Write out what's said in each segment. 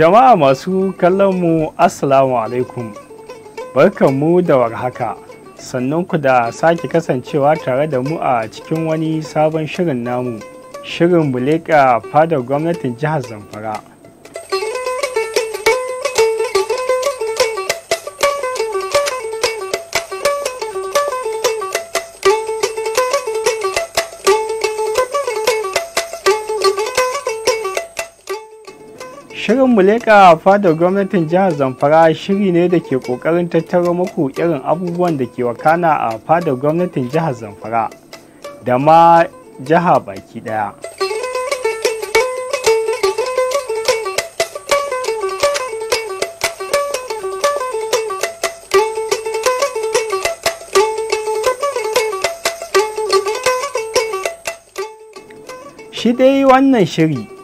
Jama'a masu kallon mu Assalamu alaikum. mu da warhaka. Sannan ku da sake kasancewa tare da mu a cikin wani sabon shirin namu. Shirin Buleka fadar gwamnatin jihar Zamfara. Shirin Muleka fadar gwamnatin jihar Zamfara shiri ne da ke ƙoƙarin tattaro muku irin abubuwan da ke wakana a fadar gwamnatin jihar Zamfara da ma jiha baki ɗaya. Shi dai wannan shiri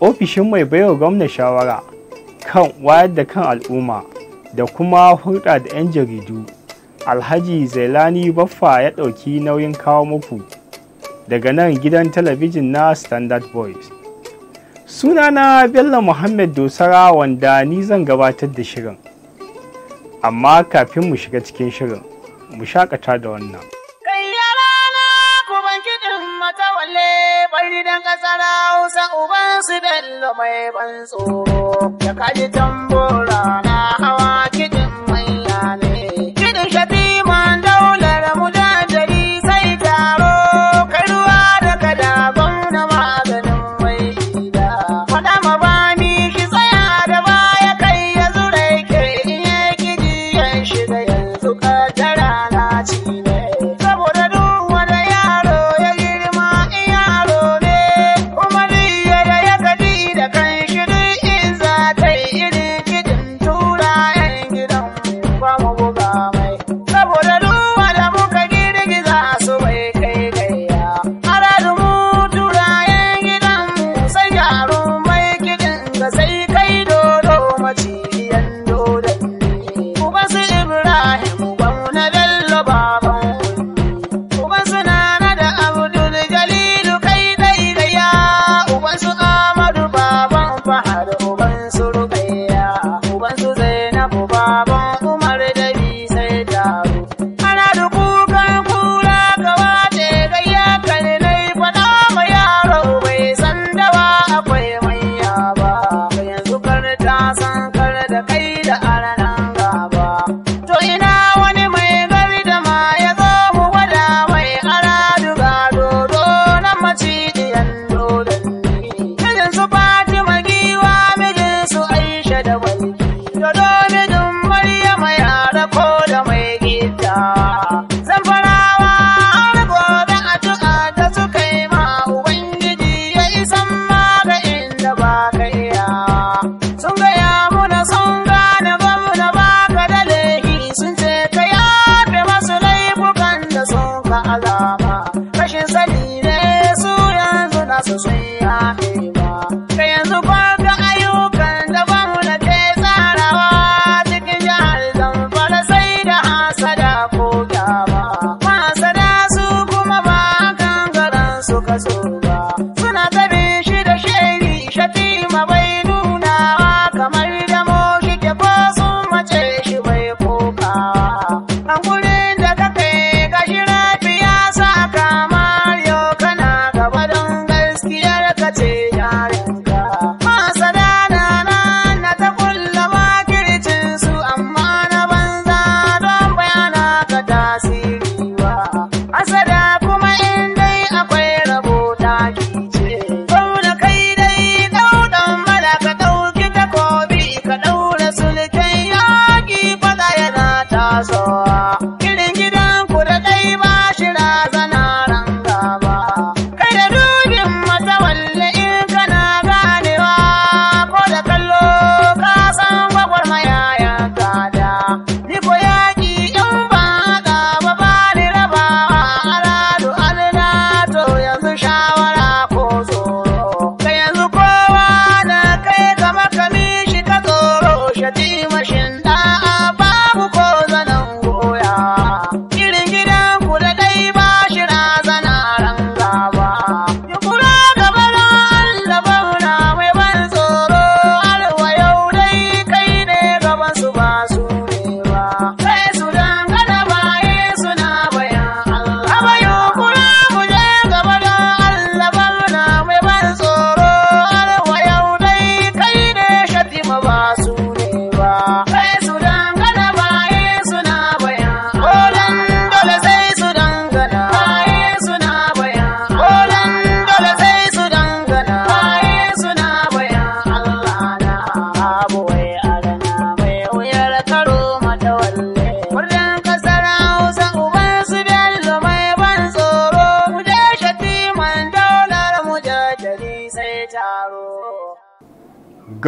ofishin mai baiwa gwamna shawara kan wayar da kan al'umma da kuma hulɗa da 'yan jaridu alhaji zailani baffa ya ɗauki nauyin kawo muku daga nan gidan talabijin na standard boys sunana bello muhammad dosara wanda ni zan gabatar da shirin amma kafin mu shiga cikin shirin mu shakata da wannan ƙwari don ƙasar Hausa uban su bello mai ban tsoro, ya kaji tambora na hawa. corazón.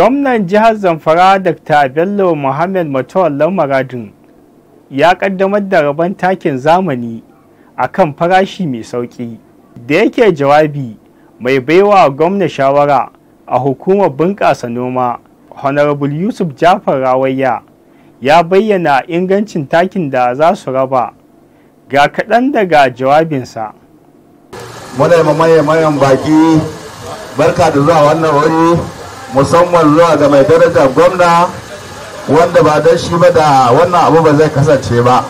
gwamnan jihar zamfara dr bello Mohammed matawallan maradin ya kaddamar da rabon takin zamani a kan farashi mai sauƙi da yake jawabi mai baiwa gwamna shawara a hukumar bunƙasa noma honorable yusuf jafar rawayya ya bayyana ingancin takin da za su raba ga kaɗan daga jawabinsa muna maye mayan baki barka da zuwa wannan wani musamman zuwa ga mai daraja gwamna wanda ba don shi ba da wannan abu ba zai kasance ba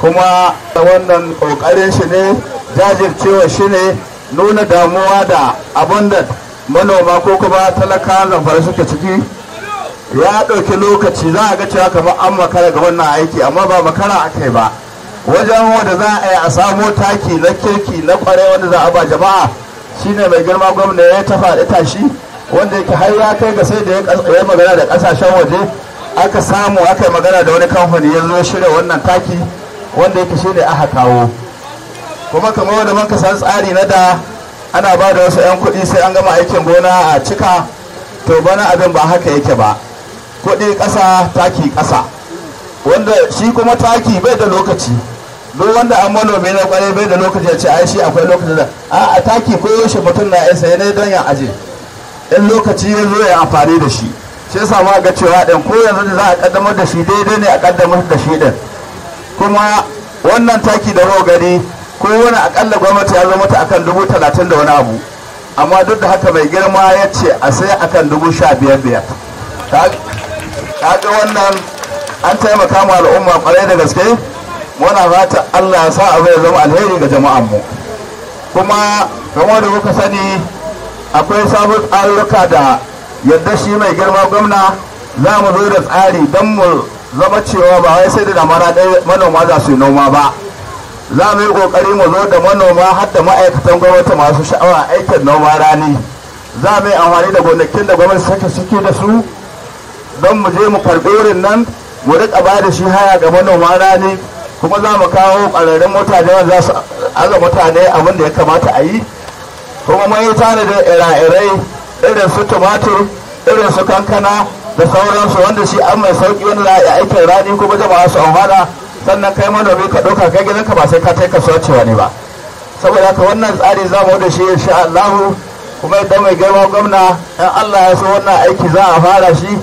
kuma wannan kokarin shi ne jajircewa shi ne nuna damuwa da abin da manoma ko kuma talaka fara suke ciki ya ɗauki lokaci za a ga cewa kamar an makara ga wannan aiki amma ba makara aka yi ba wajen wanda za a yi a samo taki na kirki na kwarai wanda za a ba jama'a shine mai girma gwamna ya tafa da tashi wanda yake har ya kai ga sai da ya magana da kasashen waje aka samu aka yi magana da wani kamfani ya zo shirya wannan taki wanda yake shi ne aka kawo kuma kamar wanda muka san tsari na da ana ba da wasu 'yan kuɗi sai an gama aikin gona a cika to bana abin ba haka yake ba kuɗi ƙasa taki ƙasa wanda shi kuma taki bai da lokaci duk wanda an manomi na kwarai bai da lokaci ya ce ai shi akwai lokacin da a taki ko yaushe mutum na isa ne don ya aje in lokaci ya zo ya amfani da shi sai yasa ga cewa ɗin ko yanzu da za a kaddamar da shi daidai ne a kaddamar da shi ɗin kuma wannan taki da rogari ko wani akalla gwamnati ya zama ta akan dubu talatin da wani abu amma duk da haka mai girma ya ce a sai akan dubu sha biyar biyar kaga wannan an taimaka ma al'umma kwarai da gaske muna fata Allah ya sa abu ya zama alheri ga jama'an mu kuma kamar da kuka sani akwai sabon tsarurruka da yadda shi mai girma gwamna za mu zo da tsari don mu zama cewa ba wai sai da damara ɗaya manoma za su yi noma ba za mu yi ƙoƙari mu zo da manoma har ma'aikatan gwamnati masu sha'awa aikin noma rani za mu yi amfani da gonakin da gwamnati sake suke da su don mu je mu karɓi wurin nan mu riƙa ba da shi haya ga manoma rani kuma za mu kawo ƙwararrun mutane wanda za su aza mutane abin da ya kamata a yi kuma mun yi tanadin ira'irai irin su tumatur irin su kankana da sauransu wanda shi an mai sauki wanda za a yi aikin rani kuma jama'a su amfana sannan kai manomi ka ɗauka kai gidanka ba sai ka kai kasuwa ce wani ba saboda haka wannan tsari za mu da shi insha Allah kuma idan mai girma gwamna in Allah ya so wannan aiki za a fara shi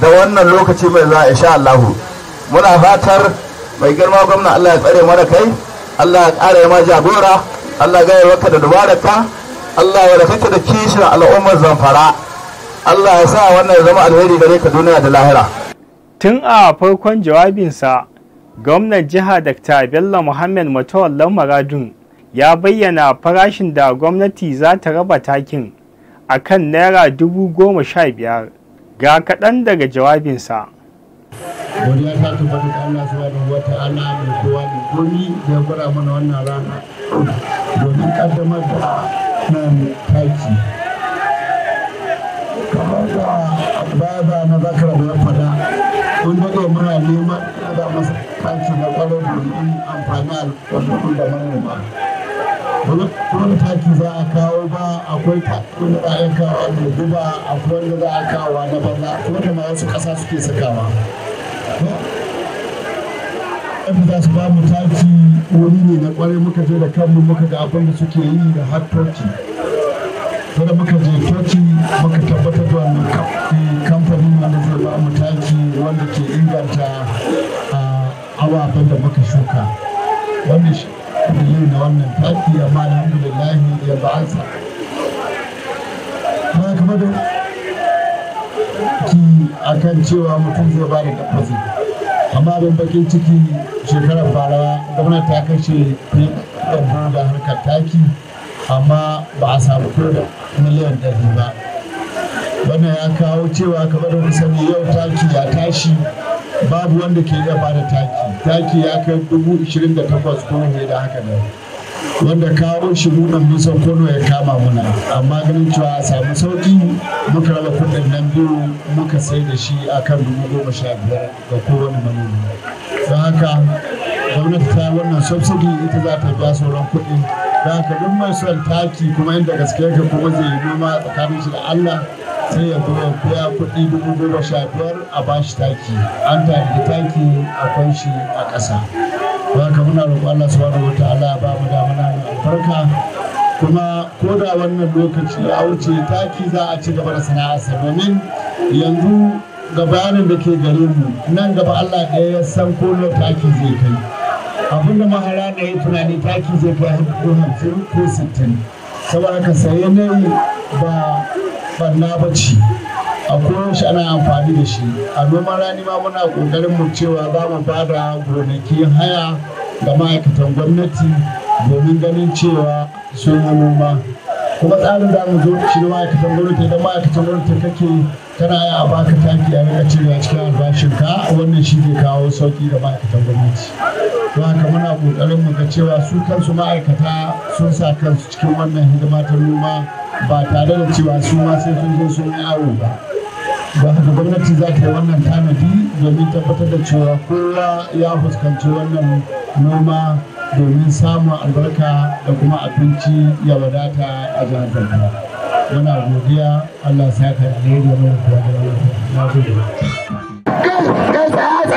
da wannan lokaci mai za insha Allah muna fatar mai girma gwamna Allah ya tsare mana kai Allah ya ƙara ma jagora Allah ya gaya maka da ka. Allah ya rafe da kishin al'ummar zamfara Allah ya sa wannan ya zama alheri gare ka duniya da lahira tun a farkon jawabinsa gwamnan jiha dr bello muhammad matawallan maradun ya bayyana farashin da gwamnati za ta raba takin a kan naira dubu goma sha biyar ga kaɗan daga jawabinsa sa ta tabbata ana Allah subhanahu wata ana mai kowa da komi da ya gwada mana wannan rana domin kaddamar da wannan taki kamar da baba na zakar da ya fada mun daɗe muna neman da masa taki na ƙwaro domin amfani da manoma wani taki za a kawo ba akwai taki na za a kawo da duba akwai wanda za a kawo na banza akwai wanda ma wasu ƙasa suke sakawa wallahi za su ba mu taki wani ne na kwarai muka je da kanmu muka ga abin da suke yi da har kada muka je toci muka tabbatar da wani eh, kamfani wanda zai ba mu taki wanda ke inganta ah, ababen da muka shuka wannan shi ne na wannan taki amma alhamdulillah ya kuma kamar da ki akan cewa mutum zai ba da amma abin bakin ciki shekarar bara gwamnati ta kashe kuɗin da harkar taki amma ba a samu ko da miliyan ɗari ba wannan ya kawo cewa kamar da sani yau taki ya tashi babu wanda ke iya bada taki taki ya kai dubu ishirin da takwas ko da haka nan wanda kawo shi nunan nisan kono ya kama muna amma ganin cewa a samu sauki muka raba kudin nan biyu muka sai da shi akan dubu goma sha biyar ga kowane manomi don haka gwamnati ta wannan subsidy ita za ta biya sauran kudi. don haka duk mai son taki kuma inda gaske ka kuma zai yi noma tsakanin shi da Allah sai ya zo ya biya kuɗi dubu goma sha biyar a bashi taki an taki taki a kwanshi a ƙasa don haka muna roƙon Allah subhanahu wata ala ba mu da albarka kuma ko da wannan lokaci ya wuce taki za a ci gaba da sana'arsa domin yanzu gabanin da ke gare mu nan gaba Allah ɗaya ya san ko taki zai kai abin da mahara da ya tunani taki zai kai ko hamsin ko sittin saboda ka saye ne ba barna ba ce a koyaushe ana amfani da shi a noman rani ma muna ƙoƙarin mu cewa za mu ba gonakin haya ga ma'aikatan gwamnati domin ganin cewa sun yi noma kuma tsarin da mu zo shi da ma'aikatan gwamnati idan ma'aikatan gwamnati kake kana yi a baka taki a rika cewa cikin albashinka wannan shi ke kawo sauki da ma'aikatan gwamnati don haka muna ƙoƙarin mu ga cewa su kansu ma'aikata sun sa kansu cikin wannan hidima ta noma ba tare da cewa su ma sai sun zo sun yi aro ba don haka gwamnati za ta yi wannan tanadi domin tabbatar da cewa kowa ya fuskanci wannan noma domin samun albarka da kuma abinci ya wadata a jihar Zamfara. Muna godiya Allah sa ka da ya kuwa da na gode. Ka ana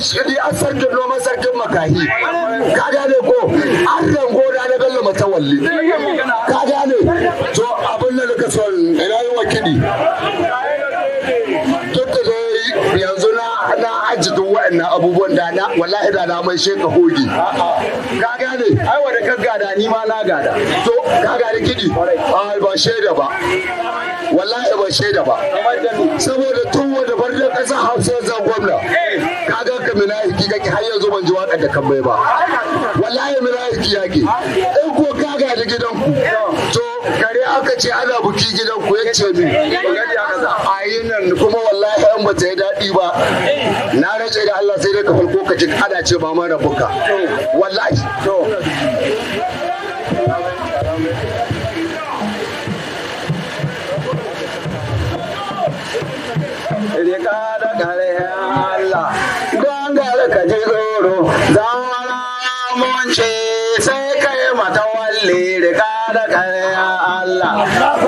ni a sarkin noma sarkin makahi. Ka ko an rango da matawalli ka gane to abin da ka son ina yi wa kiɗi duk da yanzu na na aji duk wa'annan abubuwan da na wallahi da na mai sheka hoge ka gane ai wanda ka gada ni ma na gada to ka gane kidi ai ba shaida ba wallahi ba shaida ba saboda tun wanda bar da ƙasa hausa zan gwamna eh. ga ka mina hiki kake har yanzu ban ji waka da kan bai ba wallahi mina hiki yake in ko ka gaji gidan ku to kare aka ce ana buki gidan ku yace ni a yi kuma wallahi an bata yi daɗi ba na rage da Allah sai dai ka farko ka ji ana ce mama rabuka wallahi ka ji tsoro zama mun ce sai kai mata walle riga da kaya Allah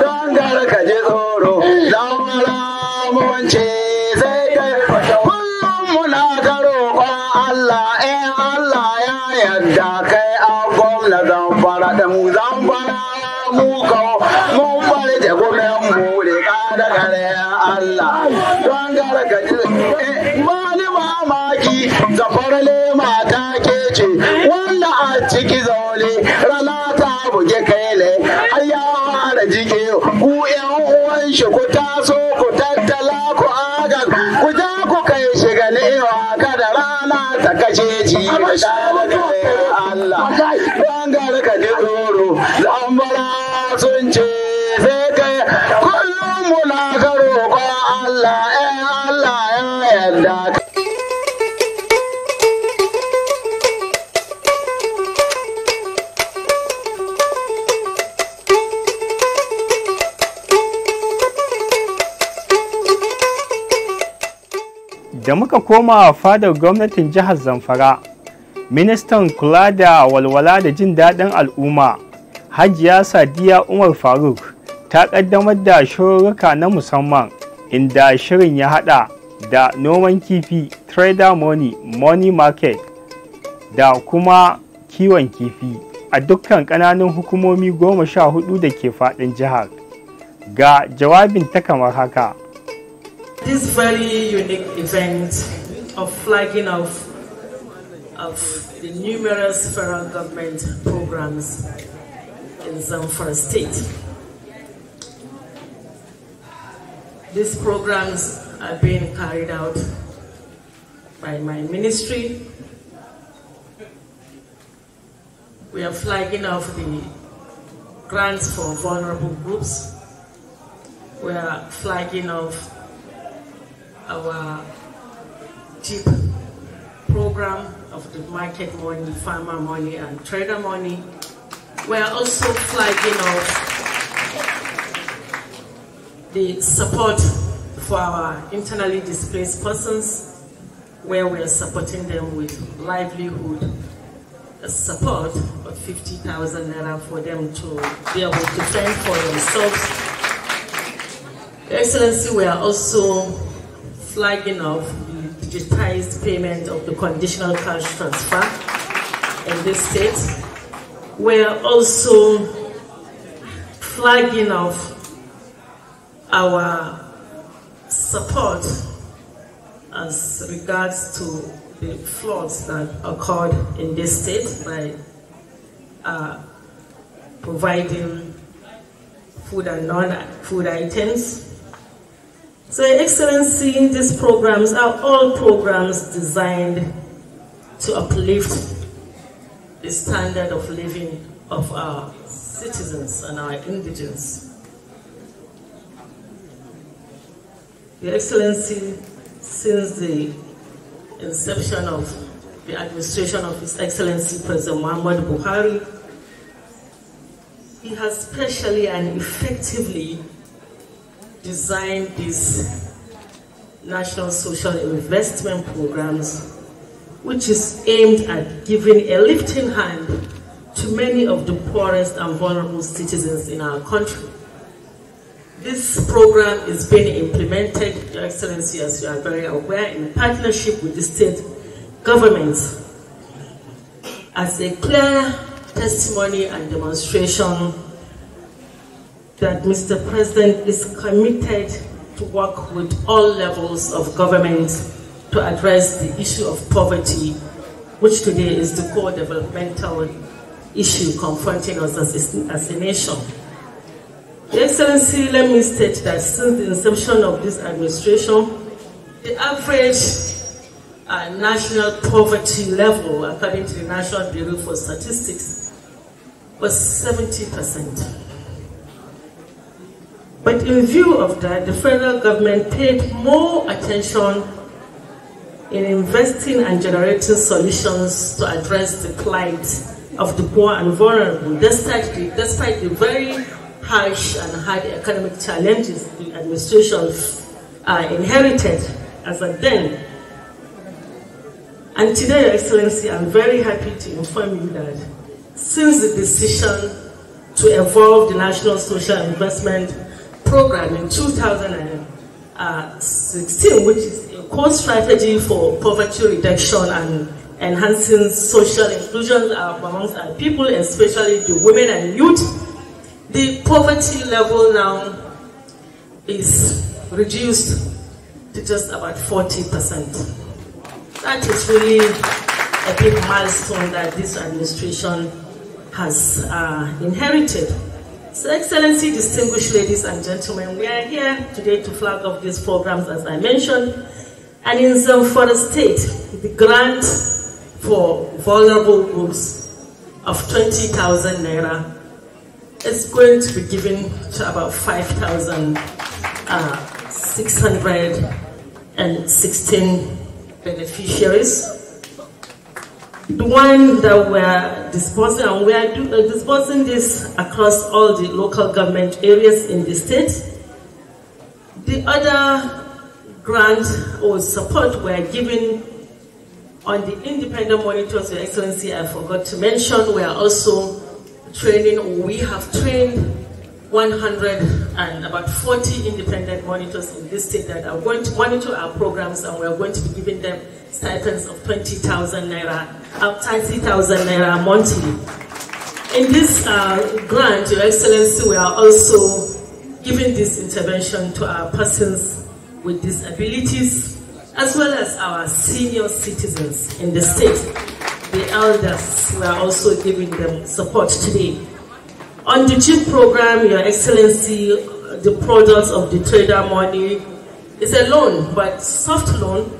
don gar ka ji tsoro zama mun ce sai kai kullum muna ta roƙon Allah in eh Allah ya yadda kai a gwamna zan fara da mu zan fara mu kawo mun fara da gwamnan mu riga da kaya Allah don gar ka ji tsoro eh, zafarle mata ke ce wanda a ciki zaune rana ta buge kaile har ya fara jike ku yan uwan shi ku taso ku tattala ku agan ku ja ku kai shi ga Ka da rana ta kashe ji Allah bangar ka ji tsoro zambara sun ce sai kai kullum muna karo Allah eh Allah ya yarda da muka koma fadar gwamnatin jihar zamfara ministan kula da walwala da jin daɗin al'umma hajiya sadiya umar faruk ta ƙaddamar da shirurruka na musamman inda shirin ya haɗa da noman kifi trader money money market da kuma kiwon kifi a dukkan ƙananan hukumomi goma sha hudu da ke faɗin jihar ga jawabin ta kamar haka this very unique event of flagging off of the numerous federal government programs in Zamfara State. These programs are being carried out by my ministry. We are flagging off the grants for vulnerable groups. We are flagging off our deep program of the market money, farmer money, and trader money. We are also flagging off the support for our internally displaced persons, where we are supporting them with livelihood support of 50,000 naira for them to be able to fend for themselves. Excellency, we are also flagging of the digitized payment of the conditional cash transfer in this state. We're also flagging of our support as regards to the floods that occurred in this state by uh, providing food and non-food items so Excellency, these programs are all programs designed to uplift the standard of living of our citizens and our indigents. Your Excellency, since the inception of the administration of His Excellency President Muhammad Buhari, he has specially and effectively designed these national social investment programs, which is aimed at giving a lifting hand to many of the poorest and vulnerable citizens in our country. This program is being implemented, Your Excellency, as you are very aware, in partnership with the state government, as a clear testimony and demonstration that Mr. President is committed to work with all levels of government to address the issue of poverty, which today is the core developmental issue confronting us as, as a nation. Excellency, let me state that since the inception of this administration, the average uh, national poverty level, according to the National Bureau for Statistics, was 70 percent. But in view of that, the federal government paid more attention in investing and generating solutions to address the plight of the poor and vulnerable, despite the, despite the very harsh and hard economic challenges the administration uh, inherited as of then. And today, Your Excellency, I'm very happy to inform you that since the decision to evolve the National Social Investment program in 2016, which is a core strategy for poverty reduction and enhancing social inclusion amongst our people, especially the women and youth. The poverty level now is reduced to just about 40%. That is really a big milestone that this administration has uh, inherited. So Excellency, distinguished ladies and gentlemen, we are here today to flag off these programs as I mentioned. And in Zamfara State, the grant for vulnerable groups of 20,000 Naira is going to be given to about 5,616 uh, beneficiaries the one that we're disposing, and we are do, uh, disposing this across all the local government areas in the state. The other grant or support we're giving on the independent monitors, Your Excellency, I forgot to mention, we are also training, we have trained 100 and about 40 independent monitors in this state that are going to monitor our programs and we are going to be giving them stipends of 20,000 naira, up 30,000 naira monthly. In this uh, grant, Your Excellency, we are also giving this intervention to our persons with disabilities, as well as our senior citizens in the state. The elders, we are also giving them support today. On the CHIP program, Your Excellency, uh, the product of the trader money is a loan, but soft loan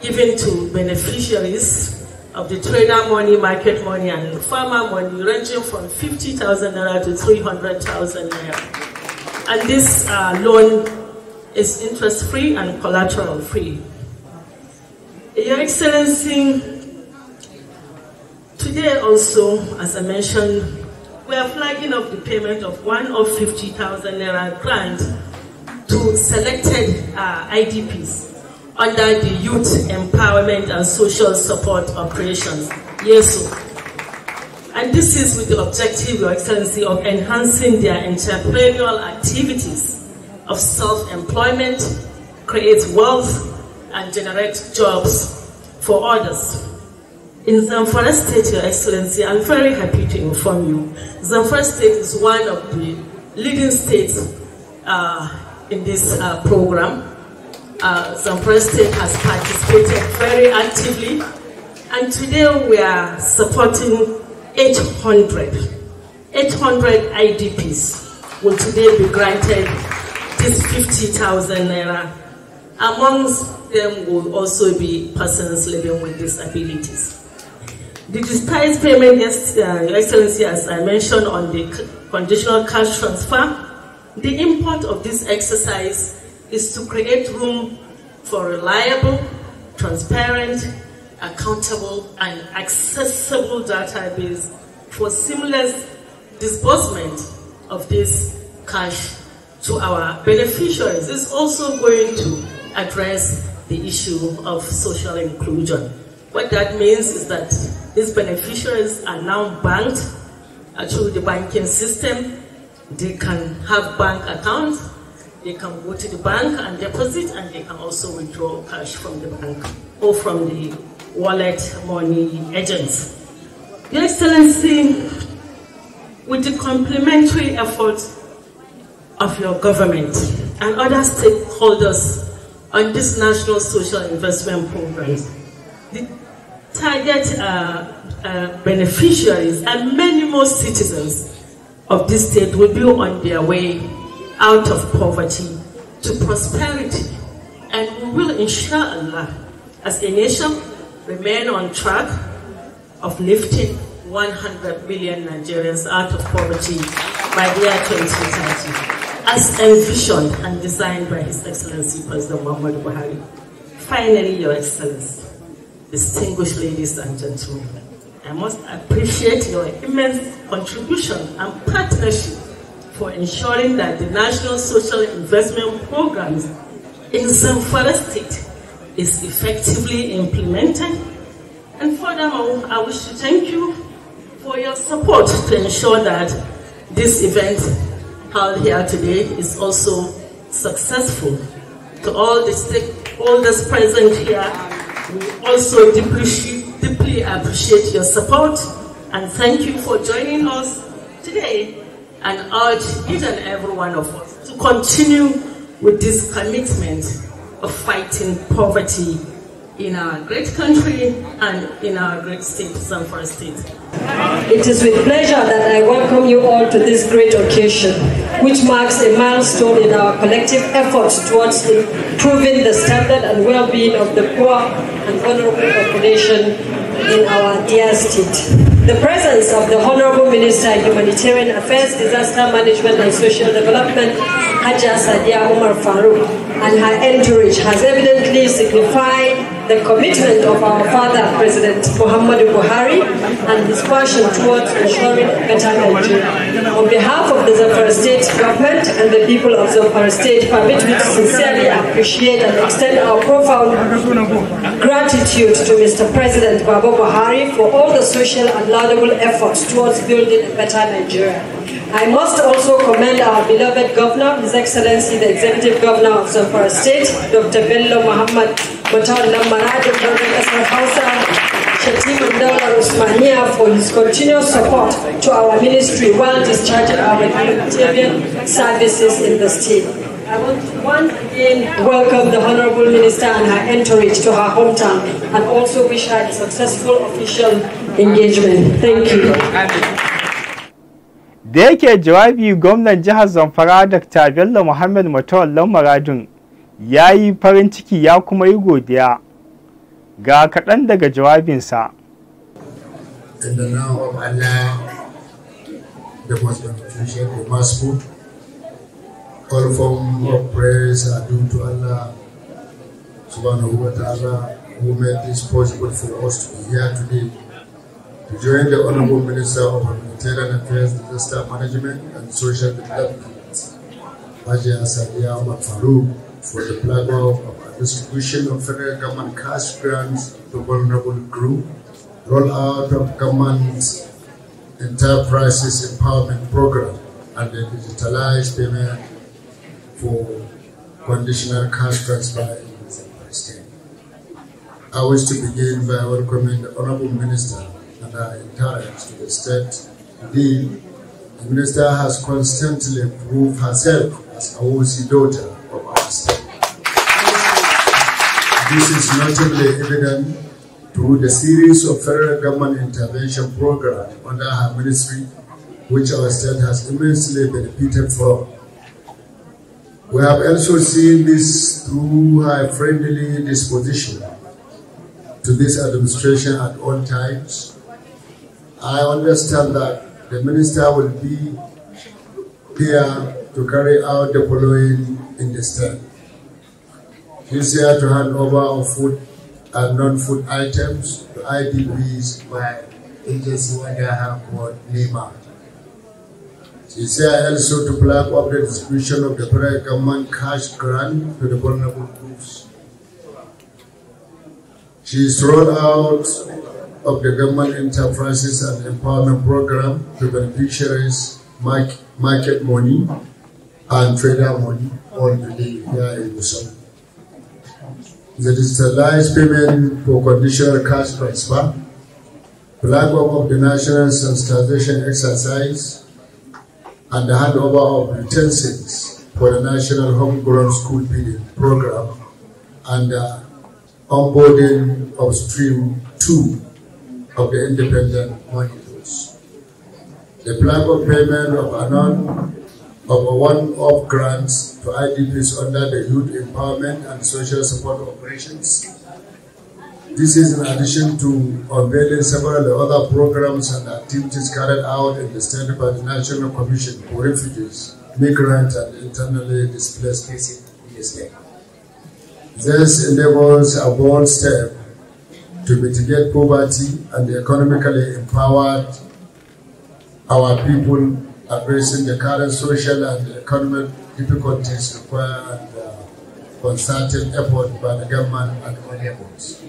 given to beneficiaries of the trader money, market money, and farmer money, ranging from 50,000 naira to 300,000 naira. And this uh, loan is interest free and collateral free. Your Excellency, today also, as I mentioned, we are flagging up the payment of one of 50,000 naira grant to selected uh, IDPs under the Youth Empowerment and Social Support Operations, YESO. And this is with the objective, Your Excellency, of enhancing their entrepreneurial activities of self-employment, create wealth, and generate jobs for others. In Zamfara State, Your Excellency, I'm very happy to inform you, Zamfara State is one of the leading states uh, in this uh, program uh, State has participated very actively. And today we are supporting 800, 800 IDPs will today be granted this 50,000 naira. Amongst them will also be persons living with disabilities. The disguised payment, yes, uh, Your Excellency, as I mentioned on the conditional cash transfer, the import of this exercise is to create room for reliable, transparent, accountable, and accessible database for seamless disbursement of this cash to our beneficiaries. It's also going to address the issue of social inclusion. What that means is that these beneficiaries are now banked through the banking system. They can have bank accounts they can go to the bank and deposit, and they can also withdraw cash from the bank or from the wallet money agents. Your Excellency, with the complementary efforts of your government and other stakeholders on this national social investment program, the target uh, uh, beneficiaries and many more citizens of this state will be on their way out of poverty to prosperity. And we will, ensure, Allah, as a nation, remain on track of lifting 100 million Nigerians out of poverty by the year 2030, as envisioned and designed by His Excellency President Muhammad Buhari. Finally, Your Excellency, distinguished ladies and gentlemen, I must appreciate your immense contribution and partnership for ensuring that the National Social Investment Programs in Zamfara State is effectively implemented. And furthermore, I wish to thank you for your support to ensure that this event held here today is also successful. To all the stakeholders present here, we also deeply, deeply appreciate your support and thank you for joining us today and urge each and every one of us to continue with this commitment of fighting poverty in our great country and in our great state, San State. It is with pleasure that I welcome you all to this great occasion, which marks a milestone in our collective efforts towards improving the standard and well-being of the poor and vulnerable population in our dear state. The presence of the Honorable Minister of Humanitarian Affairs, Disaster Management and Social Development, Haja Sadia Omar Farouk, and her entourage has evidently signified the commitment of our father, President Muhammadu Buhari, and his passion towards ensuring better Nigeria. On behalf of the Zamfara State government and the people of Zamfara State, permit me to sincerely appreciate and extend our profound gratitude to Mr. President Baba Buhari for all the social and laudable efforts towards building a better Nigeria. I must also commend our beloved Governor, His Excellency the Executive Governor of Zamfara State, Dr. Bello Muhammad Mutawalla Maradi, Governor of Hausa, Shatim Abdullah Usmania for his continuous support to our ministry while discharging our humanitarian services in the state. I want to once again welcome the Honorable Minister and her entourage to her hometown and also wish her a successful official engagement. Thank you. da yake jawabi gwamnan jihar zamfara dr bello muhammad matawallan maradun ya yi farin ciki ya kuma yi godiya ga kaɗan daga jawabinsa In the name of Allah, the most beneficial, the most good, all forms of praise are due to Allah subhanahu wa ta'ala who made this possible for us to be here today. during the Honorable Minister of Humanitarian Affairs, Disaster Management and Social Development, Bajia Sadia Mafaru, for the platform of distribution of federal government cash grants to vulnerable groups, rollout of government enterprises empowerment program, and the digitalized payment for conditional cash transfer in Mozambique I wish to begin by welcoming the Honorable Minister and are encouraged to the state. Indeed, the minister has constantly proved herself as a O.C. daughter of our state. This is notably evident through the series of federal government intervention programs under her ministry, which our state has immensely benefited from. We have also seen this through her friendly disposition to this administration at all times, I understand that the minister will be here to carry out the following in the state. He's here to hand over of food and non-food items to IDPs by agency under her called NEMA. She's here also to plug up the distribution of the federal government cash grant to the vulnerable groups. She's rolled out of the Government Enterprises and Empowerment Program to beneficiaries market money and trader money on the day here in Busan. The digitalized payment for conditional cash transfer, platform of the national sensitization exercise, and the handover of utensils for the National Homegrown School Feeding Program and the onboarding of Stream 2 of the independent monitors. The plan for payment of anon of a one-off grants to IDPs under the Youth Empowerment and Social Support Operations. This is in addition to unveiling several other programs and activities carried out in the state by the National Commission for Refugees, Migrants and Internally Displaced Persons. This enables a bold step to mitigate poverty and economically empowered our people addressing the current social and economic difficulties require uh, concerted effort by the government and all levels.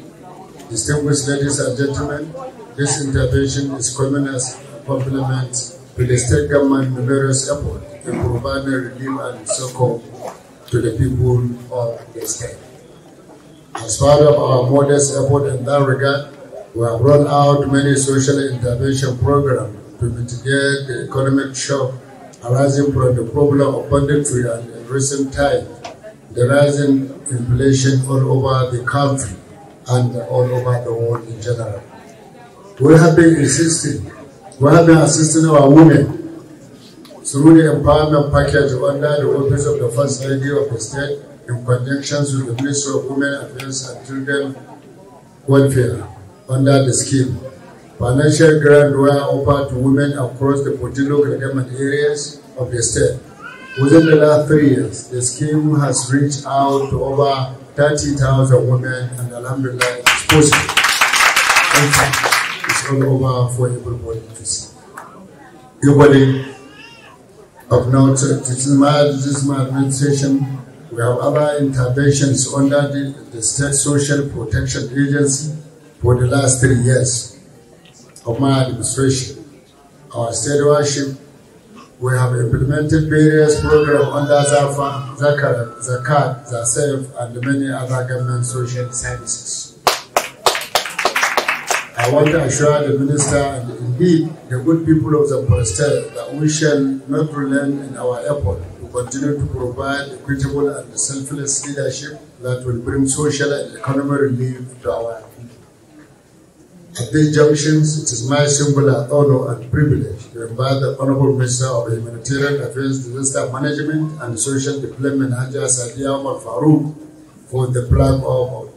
Distinguished ladies and gentlemen, this intervention is coming as a complement to the state government's numerous effort in providing relief and succor to the people of the state. As part of our modest effort in that regard, we have rolled out many social intervention programs to mitigate the economic shock arising from the problem of banditry and in recent times, the rising inflation all over the country and all over the world in general. We have been assisting; we have been assisting our women through the empowerment package under the office of the First Lady of the State in conjunction with the Ministry of Women Affairs and Children Welfare under the scheme. Financial grants were offered to women across the 14 local government areas of the state. Within the last three years, the scheme has reached out to over 30,000 women and alhamdulillah, it's possible. It's all over for everybody to see. Everybody of note, this is my administration we have other interventions under the, the State Social Protection Agency for the last three years of my administration. Our state worship, we have implemented various programs under ZAFA, Zakat, Zakat, ZASEF, and many other government social services. I want to assure the minister and indeed the good people of the state that we shall not relent in our effort will continue to provide equitable and selfless leadership that will bring social and economic relief to our people. At these junctions, it is my singular honor and privilege to invite the Honorable Minister of Humanitarian Affairs, Disaster Management and Social Development, Haja Sadia Omar Farouk, for the plan of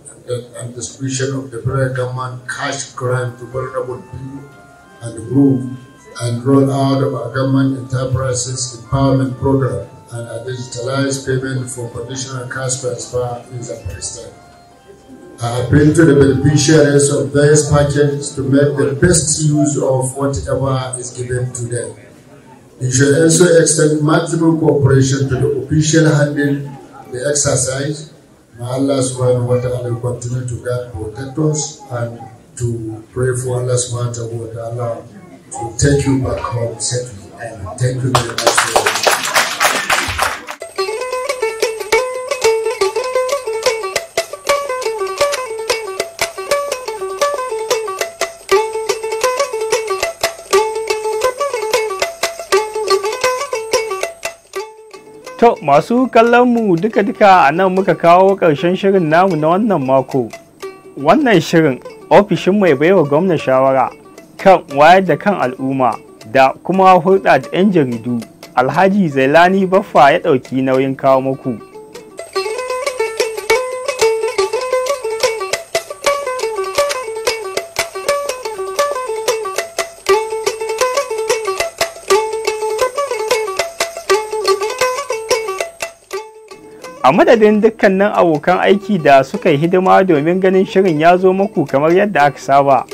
and distribution of the federal government cash grant to vulnerable people and groups and roll out of our government enterprises empowerment program and a digitalized payment for conditional cash transfer is administered. I appeal to the beneficiaries of various packages to make the best use of whatever is given to them. You should also extend maximum cooperation to the official handling the exercise. May Allah subhanahu wa ta'ala continue to guide, protect us, and to pray for Allah subhanahu wa ta'ala to take you back home safely. And thank you very much. To masu kallon mu duka-duka a nan muka kawo ƙarshen shirin namu na wannan mako. Wannan shirin ofishin mai baiwa gwamna shawara kan wayar da kan al'umma da kuma hulɗa da 'yan jaridu Alhaji Zailani Baffa ya ɗauki nauyin kawo muku. A madadin dukkanin abokan aiki da suka yi hidima domin ganin shirin ya zo muku kamar yadda aka saba,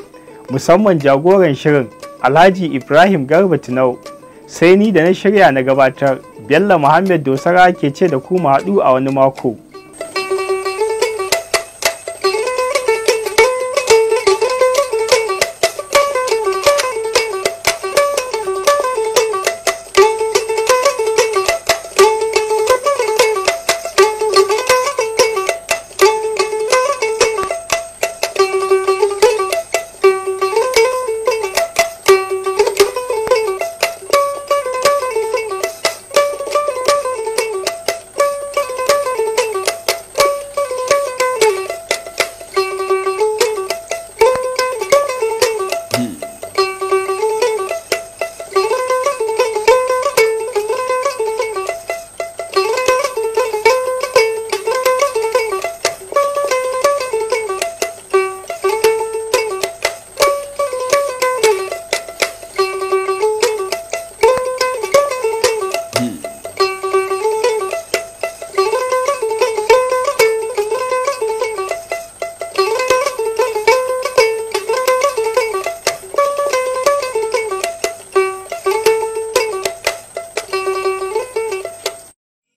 musamman jagoran shirin Alhaji Ibrahim Garba Tinau, sai ni da na shirya na gabatar, Bello Muhammad Dosara ke ce da ku haɗu a wani mako.